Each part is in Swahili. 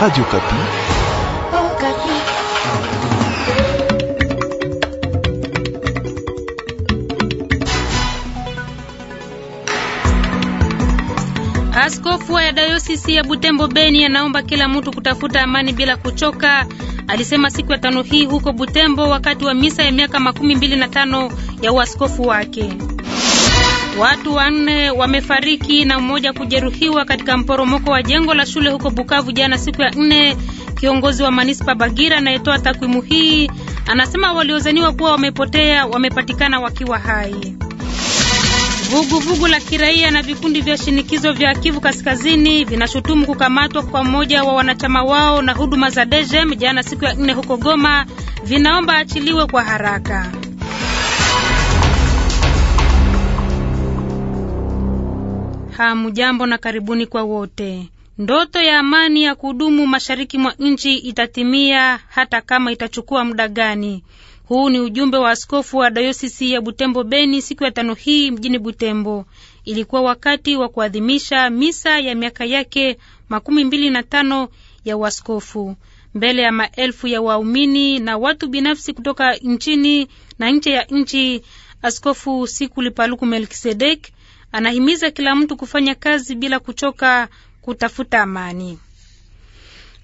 Radio Kapi. Oh, Kapi. Askofu wa dayosisi ya Butembo Beni anaomba kila mtu kutafuta amani bila kuchoka. Alisema siku ya tano hii huko Butembo wakati wa misa ya miaka makumi mbili na tano ya uaskofu wake. Watu wanne wamefariki na mmoja kujeruhiwa katika mporomoko wa jengo la shule huko Bukavu jana siku ya nne. Kiongozi wa manispa Bagira anayetoa takwimu hii anasema waliozaniwa kuwa wamepotea wamepatikana wakiwa hai. Vuguvugu vugu la kiraia na vikundi vya shinikizo vya Kivu Kaskazini vinashutumu kukamatwa kwa mmoja wa wanachama wao na huduma za DGM jana siku ya nne huko Goma, vinaomba achiliwe kwa haraka. Hamjambo na karibuni kwa wote. Ndoto ya amani ya kudumu mashariki mwa nchi itatimia hata kama itachukua muda gani. Huu ni ujumbe wa askofu wa dayosisi ya Butembo Beni siku ya tano hii mjini Butembo. Ilikuwa wakati wa kuadhimisha misa ya miaka yake makumi mbili na tano ya uaskofu mbele ya maelfu ya waumini na watu binafsi kutoka nchini na nje ya nchi. Askofu Siku Lipaluku Melkisedek anahimiza kila mtu kufanya kazi bila kuchoka kutafuta amani.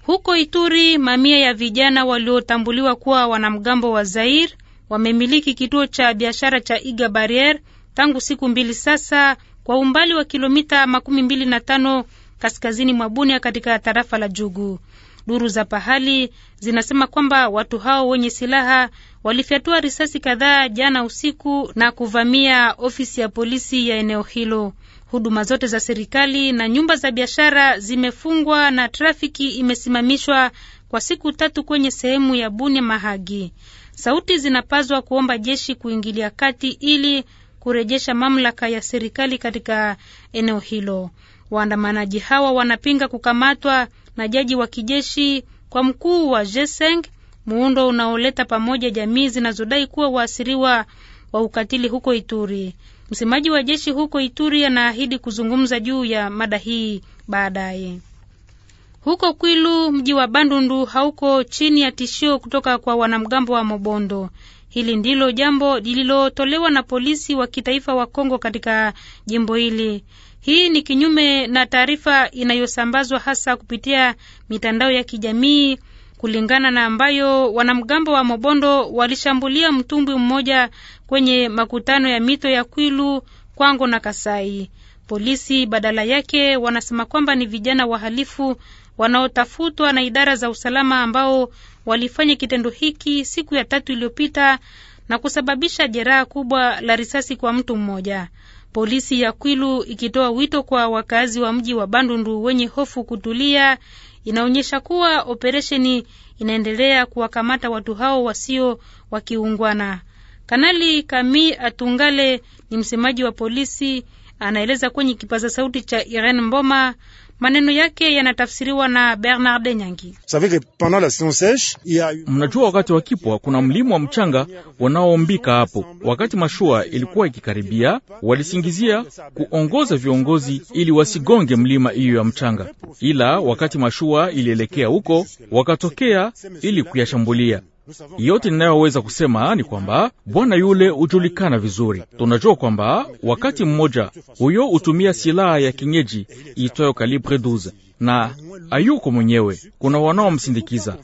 Huko Ituri, mamia ya vijana waliotambuliwa kuwa wanamgambo wa Zair wamemiliki kituo cha biashara cha Iga Barrier tangu siku mbili sasa, kwa umbali wa kilomita makumi mbili na tano kaskazini mwa Bunia katika tarafa la Jugu. Duru za pahali zinasema kwamba watu hao wenye silaha walifyatua risasi kadhaa jana usiku na kuvamia ofisi ya polisi ya eneo hilo. Huduma zote za serikali na nyumba za biashara zimefungwa na trafiki imesimamishwa kwa siku tatu kwenye sehemu ya Bunia Mahagi. Sauti zinapazwa kuomba jeshi kuingilia kati ili kurejesha mamlaka ya serikali katika eneo hilo. Waandamanaji hawa wanapinga kukamatwa na jaji wa kijeshi kwa mkuu wa Jeseng, muundo unaoleta pamoja jamii zinazodai kuwa waasiriwa wa ukatili huko Ituri. Msemaji wa jeshi huko Ituri anaahidi kuzungumza juu ya mada hii baadaye. Huko Kwilu, mji wa Bandundu hauko chini ya tishio kutoka kwa wanamgambo wa Mobondo. Hili ndilo jambo lililotolewa na polisi wa kitaifa wa Kongo katika jimbo hili. Hii ni kinyume na taarifa inayosambazwa hasa kupitia mitandao ya kijamii, kulingana na ambayo wanamgambo wa Mobondo walishambulia mtumbwi mmoja kwenye makutano ya mito ya Kwilu, Kwango na Kasai. Polisi badala yake wanasema kwamba ni vijana wahalifu wanaotafutwa na idara za usalama ambao walifanya kitendo hiki siku ya tatu iliyopita na kusababisha jeraha kubwa la risasi kwa mtu mmoja polisi ya Kwilu ikitoa wito kwa wakazi wa mji wa Bandundu wenye hofu kutulia. Inaonyesha kuwa operesheni inaendelea kuwakamata watu hao wasio wakiungwana. Kanali Kami Atungale ni msemaji wa polisi, anaeleza kwenye kipaza sauti cha Irene Mboma Maneno yake yanatafsiriwa na Bernard Nyangi. Mnajua, wakati wa kipwa kuna mlima wa mchanga wanaoombika hapo. Wakati mashua ilikuwa ikikaribia, walisingizia kuongoza viongozi ili wasigonge mlima hiyo ya mchanga, ila wakati mashua ilielekea huko, wakatokea ili kuyashambulia. Yote ninayoweza kusema ni kwamba bwana yule hujulikana vizuri. Tunajua kwamba wakati mmoja huyo hutumia silaha ya kinyeji iitwayo kalibre 12 na ayuko mwenyewe, kuna wanaomsindikiza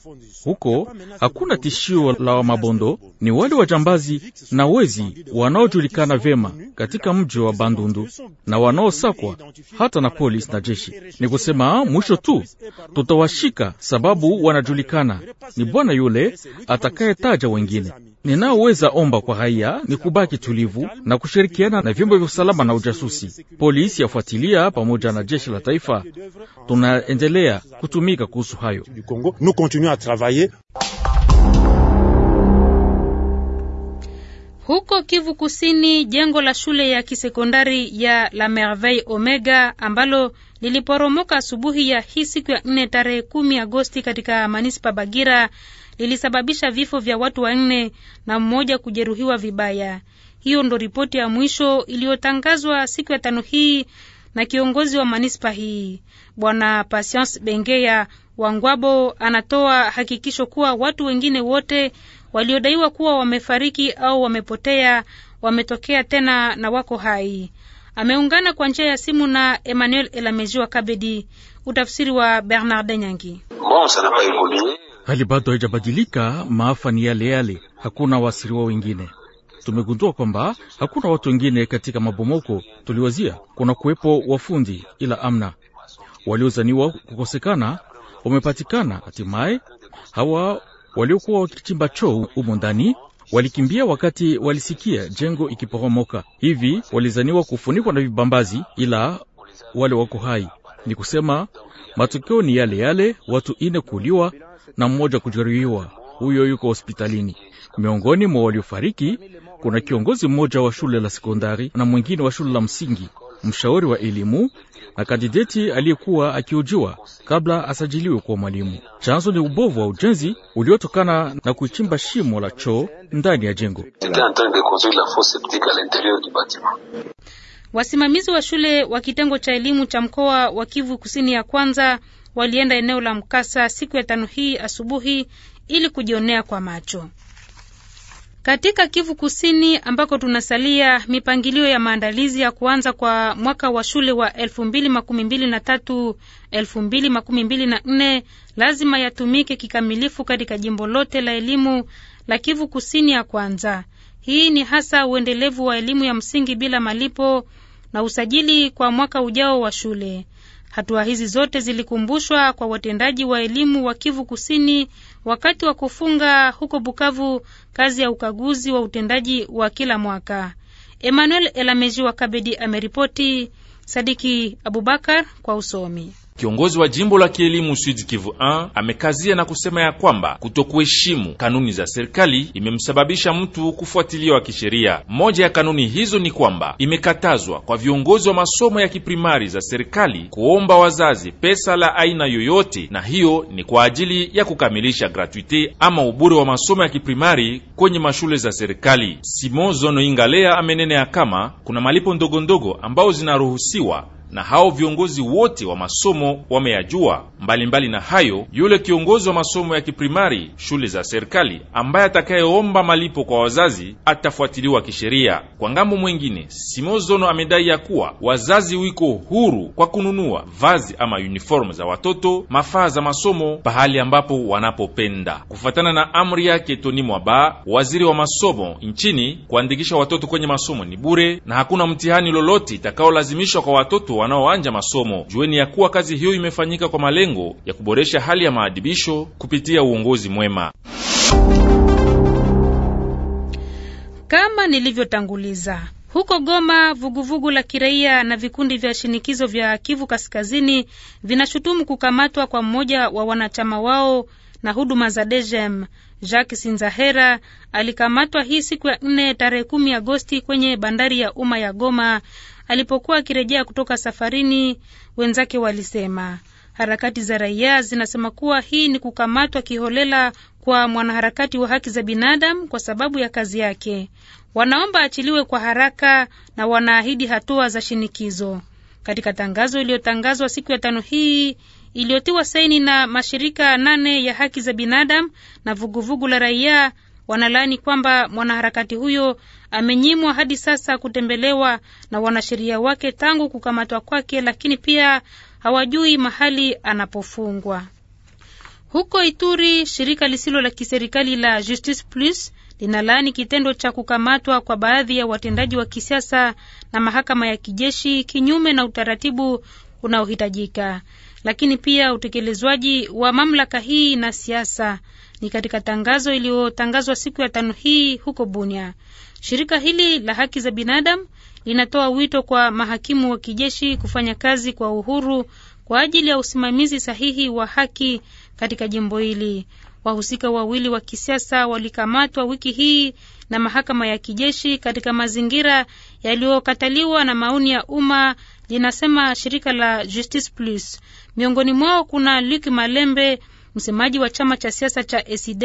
huko. Hakuna tishio la wa mabondo, ni wale wajambazi na wezi wanaojulikana vyema katika mji wa Bandundu na wanaosakwa hata na polisi na jeshi. Ni kusema mwisho tu tutawashika, sababu wanajulikana. Ni Bwana yule atakayetaja wengine Ninaoweza omba kwa raia ni kubaki tulivu na kushirikiana na vyombo vya usalama na ujasusi, polisi yafuatilia pamoja na jeshi la taifa. Tunaendelea kutumika kuhusu hayo. Huko Kivu Kusini, jengo la shule ya kisekondari ya La Merveille Omega ambalo liliporomoka asubuhi ya hii siku ya 4 tarehe 1 Agosti katika manispa Bagira ilisababisha vifo vya watu wanne na mmoja kujeruhiwa vibaya. Hiyo ndo ripoti ya mwisho iliyotangazwa siku ya tano hii na kiongozi wa manispa hii Bwana Patience Bengeya Wangwabo anatoa hakikisho kuwa watu wengine wote waliodaiwa kuwa wamefariki au wamepotea wametokea tena na wako hai. Ameungana kwa njia ya simu na Emmanuel Elamejiwa Kabedi. Utafsiri wa Bernard Nyangi hali bado haijabadilika, maafa ni yale yale, hakuna waasiriwa wengine. Tumegundua kwamba hakuna watu wengine katika mabomoko. Tuliwazia kuna kuwepo wafundi, ila amna. Waliozaniwa kukosekana wamepatikana hatimaye. Hawa waliokuwa wakichimba choo humo ndani walikimbia wakati walisikia jengo ikiporomoka. Hivi walizaniwa kufunikwa na vibambazi, ila wale wako hai. Ni kusema matokeo ni yale yale, watu ine kuuliwa na mmoja kujeruhiwa, huyo yuko hospitalini. Miongoni mwa waliofariki kuna kiongozi mmoja wa shule la sekondari na mwingine wa shule la msingi, mshauri wa elimu na kandideti aliyekuwa akiujiwa kabla asajiliwe kuwa mwalimu. Chanzo ni ubovu wa ujenzi uliotokana na kuichimba shimo la choo ndani ya jengo. Wasimamizi wa shule wa kitengo cha elimu cha mkoa wa Kivu Kusini ya kwanza walienda eneo la mkasa siku ya tano hii asubuhi ili kujionea kwa macho. Katika Kivu Kusini ambako tunasalia, mipangilio ya maandalizi ya kuanza kwa mwaka wa shule wa 2023 2024 lazima yatumike kikamilifu katika jimbo lote la elimu la Kivu Kusini ya kwanza. Hii ni hasa uendelevu wa elimu ya msingi bila malipo na usajili kwa mwaka ujao wa shule. Hatua hizi zote zilikumbushwa kwa watendaji wa elimu wa Kivu Kusini wakati wa kufunga huko Bukavu kazi ya ukaguzi wa utendaji wa kila mwaka. Emmanuel Elameji wa Kabedi ameripoti. Sadiki Abubakar kwa usomi. Kiongozi wa jimbo la kielimu Sud Kivu 1 amekazia na kusema ya kwamba kutokuheshimu kanuni za serikali imemsababisha mtu kufuatiliwa kisheria. Moja ya kanuni hizo ni kwamba imekatazwa kwa viongozi wa masomo ya kiprimari za serikali kuomba wazazi pesa la aina yoyote, na hiyo ni kwa ajili ya kukamilisha gratuite ama ubure wa masomo ya kiprimari kwenye mashule za serikali. Simon Zono Ingalea amenenea kama kuna malipo ndogondogo ambayo zinaruhusiwa na hao viongozi wote wa masomo wameyajua. Mbalimbali na hayo, yule kiongozi wa masomo ya kiprimari shule za serikali ambaye atakayeomba malipo kwa wazazi atafuatiliwa kisheria. Kwa ngambo mwengine, Simozono amedai ya kuwa wazazi wiko huru kwa kununua vazi ama uniformu za watoto, mafaa za masomo pahali ambapo wanapopenda, kufuatana na amri yake Toni Mwaba, waziri wa masomo nchini. Kuandikisha watoto kwenye masomo ni bure na hakuna mtihani lolote itakaolazimishwa kwa watoto wanaoanja masomo, jueni ya kuwa kazi hiyo imefanyika kwa malengo ya kuboresha hali ya maadibisho kupitia uongozi mwema. Kama nilivyotanguliza huko Goma, vuguvugu vugu la kiraia na vikundi vya shinikizo vya Kivu Kaskazini vinashutumu kukamatwa kwa mmoja wa wanachama wao na huduma za Dejem. Jacques Sinzahera alikamatwa hii siku ya nne tarehe kumi Agosti kwenye bandari ya umma ya Goma alipokuwa akirejea kutoka safarini, wenzake walisema. Harakati za raia zinasema kuwa hii ni kukamatwa kiholela kwa mwanaharakati wa haki za binadamu kwa sababu ya kazi yake. Wanaomba achiliwe kwa haraka na wanaahidi hatua za shinikizo. Katika tangazo iliyotangazwa siku ya tano hii iliyotiwa saini na mashirika nane ya haki za binadamu na vuguvugu la raia, wanalaani kwamba mwanaharakati huyo amenyimwa hadi sasa kutembelewa na wanasheria wake tangu kukamatwa kwake, lakini pia hawajui mahali anapofungwa. Huko Ituri, shirika lisilo la kiserikali la Justice Plus linalaani kitendo cha kukamatwa kwa baadhi ya watendaji wa kisiasa na mahakama ya kijeshi kinyume na utaratibu unaohitajika lakini pia utekelezwaji wa mamlaka hii na siasa, ni katika tangazo iliyotangazwa siku ya tano hii huko Bunia. Shirika hili la haki za binadamu linatoa wito kwa mahakimu wa kijeshi kufanya kazi kwa uhuru kwa ajili ya usimamizi sahihi wa haki katika jimbo hili. Wahusika wawili wa kisiasa walikamatwa wiki hii na mahakama ya kijeshi katika mazingira yaliyokataliwa na maoni ya umma, linasema shirika la Justice Plus. Miongoni mwao kuna Luc Malembe, msemaji wa chama cha siasa cha sid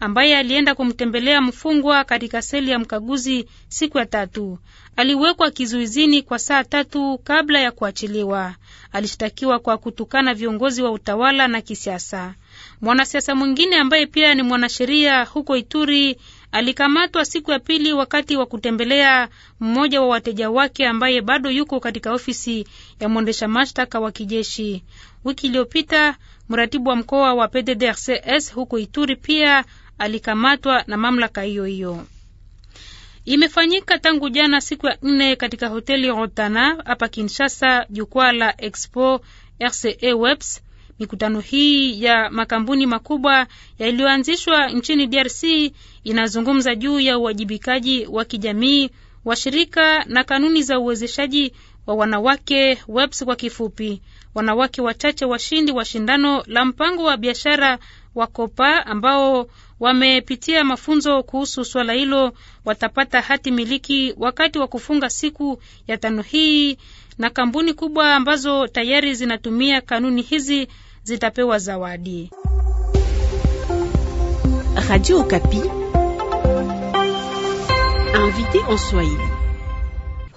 ambaye alienda kumtembelea mfungwa katika seli ya mkaguzi siku ya tatu. Aliwekwa kizuizini kwa saa tatu kabla ya kuachiliwa. Alishtakiwa kwa kutukana viongozi wa utawala na kisiasa. Mwanasiasa mwingine ambaye pia ni mwanasheria huko Ituri Alikamatwa siku ya pili wakati wa kutembelea mmoja wa wateja wake ambaye bado yuko katika ofisi ya mwendesha mashtaka wa kijeshi. Wiki iliyopita mratibu wa mkoa wa PDDRCS huko Ituri pia alikamatwa na mamlaka hiyo hiyo. Imefanyika tangu jana siku ya nne katika hoteli Rotana hapa Kinshasa, jukwaa la Expo RCE Webs Mikutano hii ya makampuni makubwa yaliyoanzishwa nchini DRC inazungumza juu ya uwajibikaji wa kijamii washirika na kanuni za uwezeshaji wa wanawake WEBS kwa kifupi. Wanawake wachache washindi wa shindano la mpango wa biashara wa ambao wamepitia mafunzo kuhusu swala hilo watapata hati miliki wakati wa kufunga siku ya tano hii, na kampuni kubwa ambazo tayari zinatumia kanuni hizi zitapewa zawadi. Radio Okapi invité en Swahili.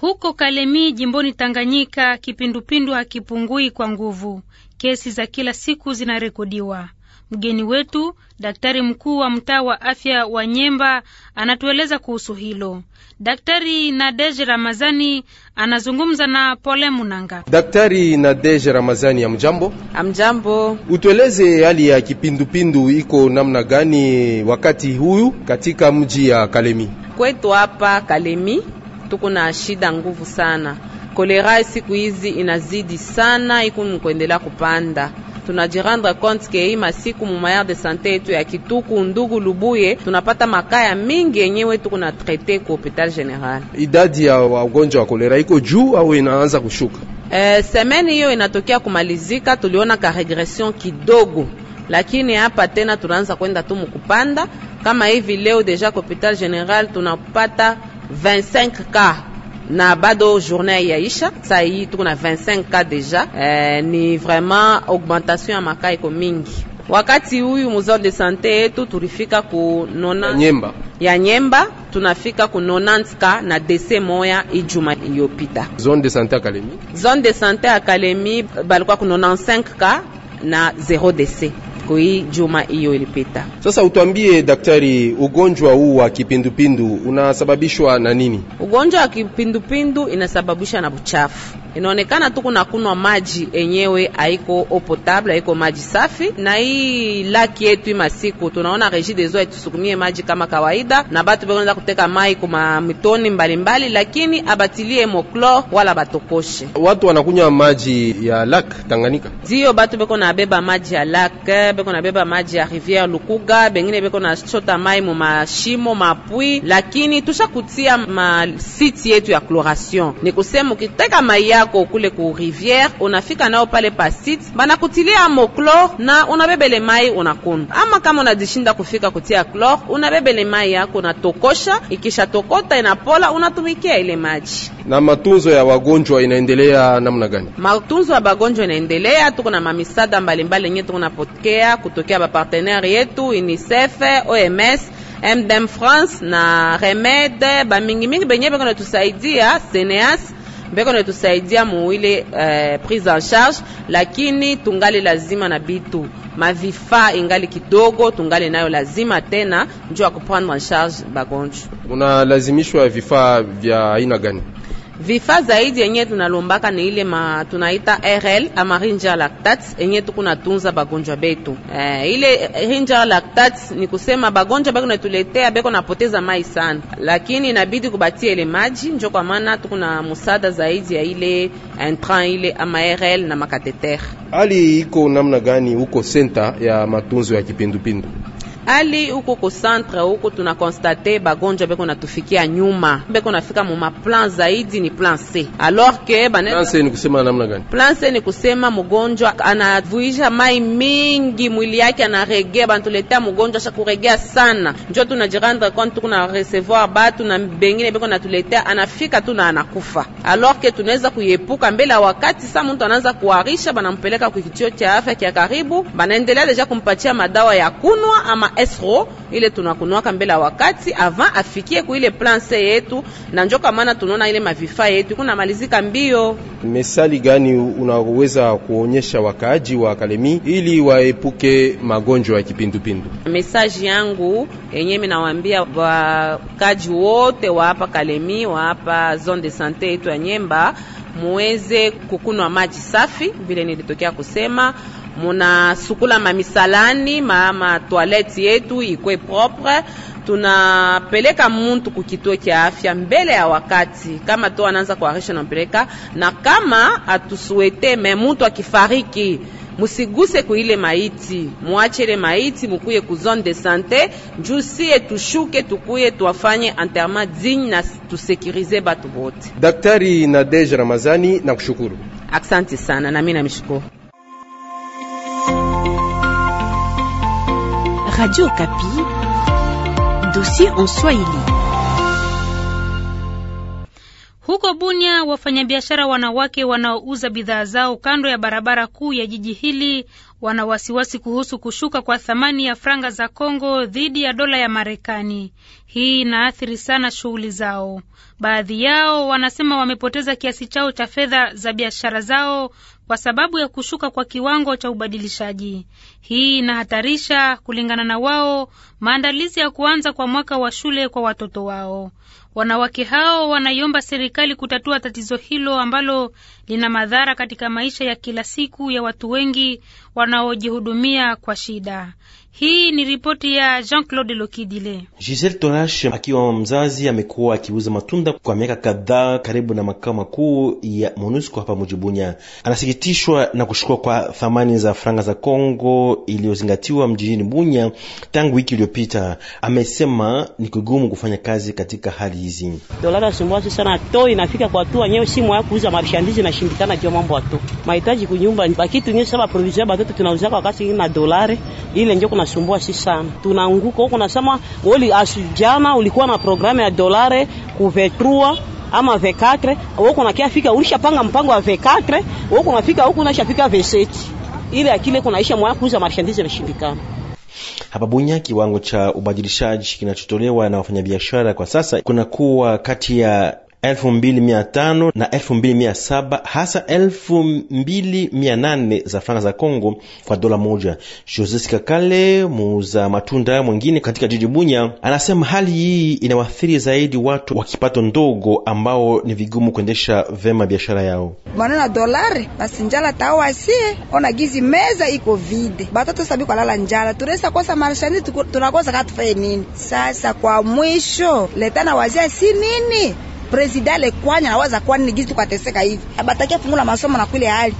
Huko Kalemi jimboni Tanganyika, kipindupindu hakipungui kwa nguvu. Kesi za kila siku zinarekodiwa. Mgeni wetu daktari mkuu wa mtaa wa afya wa Nyemba anatueleza kuhusu hilo. Daktari Nadej Ramazani anazungumza na Pole Munanga. Daktari Nadej Ramazani, amjambo. Amjambo, utueleze hali ya kipindupindu iko namna gani wakati huyu katika mji ya Kalemi? Kwetu hapa Kalemi tuko na shida nguvu sana, kolera siku hizi inazidi sana, iko mkuendelea kupanda tunajirendre compte ke hii masiku mumayar de sante yetu ya Kituku, Ndugu, Lubuye tunapata makaya mingi yenyewe tuko na traite ku hopital general. Idadi ya wagonjwa wa kolera iko juu au inaanza kushuka? Eh, semeni hiyo inatokea kumalizika, tuliona ka regression kidogo, lakini hapa tena tunaanza kwenda tu mukupanda. Kama hivi leo deja ku hopital general tunapata 25 ka na bado journée yaisha. Saa hii tuko na 25 ka deja eh, ni vraiment augmentation ya makaa iko mingi. Wakati huyu muzone de sante yetu tulifika ku nona Nyemba ya Nyemba tunafika ku 90 na dese moya ijuma iliyopita. Zone de sante akalemi zone de sante Academy balikuwa ku 95 ka na 0 dese siku hii juma hiyo ilipita. Sasa utwambie daktari, ugonjwa huu wa kipindupindu unasababishwa na nini? Ugonjwa wa kipindupindu inasababishwa na uchafu inaonekana tu kuna kunwa maji enyewe haiko opotable, potable, haiko maji safi, na hii laki yetu masiku tunaona reji dezo etusukumie maji kama kawaida, na batu bekoneza kuteka mai kuma mitoni mbalimbali, lakini abatilie moklor wala batokoshe. Watu wanakunywa maji ya lak Tanganyika, ndio batu beko na beba maji ya lak, beko na beba maji ya riviere Lukuga, bengine beko na chota mai mu mashimo mapwi, lakini tushakutia ma siti yetu ya chloration, ni kusema ukiteka mai yako kule ku riviere, unafika nao pale pasit banakutilia clore na unabebele mai unakunywa, ama kama unajishinda kufika kutia clore unabebele mai yako unatokosha, ikisha tokota inapola, unatumikia ile maji. Na matunzo ya wagonjwa inaendelea namna gani? Matunzo ya wagonjwa inaendelea, tuko na mamisada mbalimbali yenye tuko napokea kutokea bapartenere yetu UNICEF, OMS MDM France na Remede bamingimingi benye beko natusaidia Seneas mbeko netusaidia muile uh, eh, prise en charge, lakini tungali lazima na bitu mavifaa ingali kidogo, tungali nayo lazima tena njuu ya kuprendre en charge bagonjwa. Munalazimishwa vifaa vya aina gani? Vifaa zaidi yenye tunalombaka ni ile ma tunaita RL ama Rinja Lactates yenye tukunatunza bagonjwa betu. Eh, ile Rinja Lactates ni kusema bagonjwa beko natuletea beko napoteza mai sana, lakini inabidi kubatia ile maji, njo kwa maana tukuna musada zaidi ya ile intrant ile ama RL na makateter. Hali iko namna gani huko senta ya matunzo ya kipindupindu? ali huko ko centre huko tuna constate bagonjwa beko natufikia nyuma, beko nafika mu maplan zaidi ni plan C, alors que bana plan C ni kusema namna gani? Plan C ni kusema mgonjwa anavuisha mai mingi mwili yake anaregea, banatuletea mgonjwa sha kuregea sana, njo tunajirendre kwa tuko na recevoir batu na bengine beko natuletea, anafika tu na anakufa, alors que tunaweza kuyepuka mbele ya wakati. Sa mtu anaanza kuharisha, banampeleka kwa kituo cha afya kia karibu, banaendelea deja kumpatia madawa ya kunwa ama esro ile tunakunwaka mbele ya wakati avant afikie kuile plan C yetu, na njoka maana tunaona ile mavifa yetu kuna malizika mbio. Mesali gani unaweza kuonyesha wakaaji wa Kalemi ili waepuke magonjwa ya kipindupindu? Mesaji yangu yenyewe minawaambia wakaaji wote wa hapa Kalemi, wa hapa zone de santé yetu ya Nyemba, muweze kukunwa maji safi vile nilitokea kusema munasukula mamisalani mama toilette yetu ikwe propre. Tunapeleka muntu kukituo kya afya mbele ya wakati, kama to anaanza kuharisha nampeleka, na kama atusuete me muntu akifariki Musiguse kuile maiti, muache ile maiti, mukuye ku zone de sante, njusiye tushuke, tukuye tuwafanye enterrement digne na tusekirize batu bote. Daktari Nadege Ramazani, nakushukuru. Asante sana, nami namshukuru. Radio Kapi. Dossier en Swahili. Huko Bunia wafanyabiashara wanawake wanaouza bidhaa zao kando ya barabara kuu ya jiji hili wana wasiwasi kuhusu kushuka kwa thamani ya franga za Kongo dhidi ya dola ya Marekani. Hii inaathiri sana shughuli zao. Baadhi yao wanasema wamepoteza kiasi chao cha fedha za biashara zao kwa sababu ya kushuka kwa kiwango cha ubadilishaji. Hii inahatarisha, kulingana na wao, maandalizi ya kuanza kwa mwaka wa shule kwa watoto wao. Wanawake hao wanaiomba serikali kutatua tatizo hilo ambalo lina madhara katika maisha ya kila siku ya watu wengi wanaojihudumia kwa shida. Hii ni ripoti ya Jean-Claude Lokidile. Giselle Tonash akiwa mzazi amekuwa akiuza matunda kwa miaka kadhaa karibu na makao makuu ya MONUSCO hapa Mujibunya. Anasikitishwa na kushukua kwa thamani za franga za Kongo iliyozingatiwa mjini Bunya tangu wiki iliyopita. Amesema ni kugumu kufanya kazi katika hali hizi. Dola Dolara sumbuasi sana to inafika kwa tu wenyewe simu ya kuuza marishandizi na shindikana kwa mambo ya tu. Mahitaji kunyumba bakitu nyewe saba provision batoto tunauza kwa kasi na dolare ile ndio kuna inatusumbua sisi sana, tunaanguka huko. Nasema woli asijana ulikuwa na programu ya dolare kuvetrua ama V4 huko woko nakiafika ulishapanga mpango wa V4 woko nafika huko unashafika V7 ile akile kunaisha mwa kuuza marchandise inashindikana. Hapa Bunya, kiwango cha ubadilishaji kinachotolewa na wafanyabiashara kwa sasa kunakuwa kati ya 2500 na 2700 hasa 2800 za franga za Kongo kwa dola moja. Joseph Kakale muuza matunda mwingine katika jiji Bunya anasema hali hii inawathiri zaidi watu wa kipato ndogo ambao ni vigumu kuendesha vema biashara yao. Manana dolari basi njala tawasie ona gizi meza iko vide. Batoto sabi kwa lala njala turesa kosa marshani tunakosa katufaye nini? Sasa kwa mwisho letana wazia si nini? presida alikwanya nawaza kwani ni gizi tukateseka hivi, abatakia fungula masomo na kule hali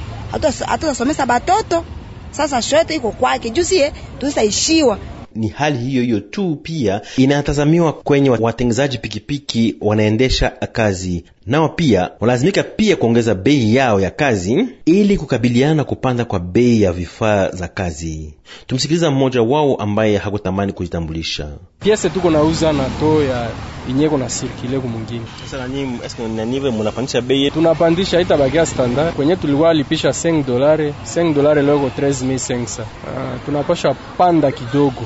hatutasomesa batoto. Sasa shote iko kwake jusie eh, tusaishiwa ni hali hiyo hiyo tu pia inatazamiwa kwenye watengenezaji pikipiki wanaendesha kazi nao pia walazimika pia kuongeza bei yao ya kazi ili kukabiliana kupanda kwa bei ya vifaa za kazi. Tumsikiliza mmoja wao ambaye hakutamani kujitambulisha. Piese tuko nauza na to ya inyeko na sirkile ku mwingine. Sasa nani nyinyi eske na niwe mnapandisha bei? Tunapandisha bagia standard. Kwenye tulikuwa lipisha 5 dolare, 5 dolare leo 13500. Uh, ah, tunapasha panda kidogo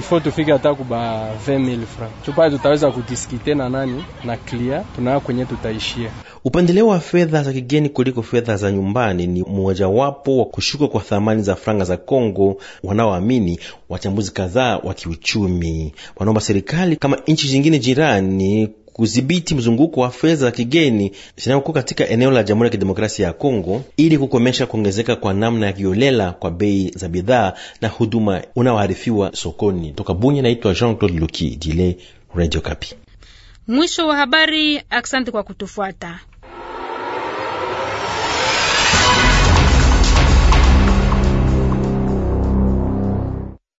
ifo tufike hata kuba 20000 francs chupa, tutaweza kudiskite na nani na clear tunaa kwenye tutaishia. Upendeleo wa fedha za kigeni kuliko fedha za nyumbani ni mmojawapo wa kushuka kwa thamani za franga za Kongo, wanaoamini wachambuzi kadhaa wa kiuchumi. Wanaomba serikali kama nchi zingine jirani kudhibiti mzunguko wa fedha za kigeni zinazokuwa katika eneo la Jamhuri ya Kidemokrasia ya Kongo ili kukomesha kuongezeka kwa namna ya kiolela kwa bei za bidhaa na huduma unaoharifiwa sokoni. Toka Bunya, naitwa Jean Claude Luki Dile, Radio Kapi. Mwisho wa habari. Asante kwa kutufuata.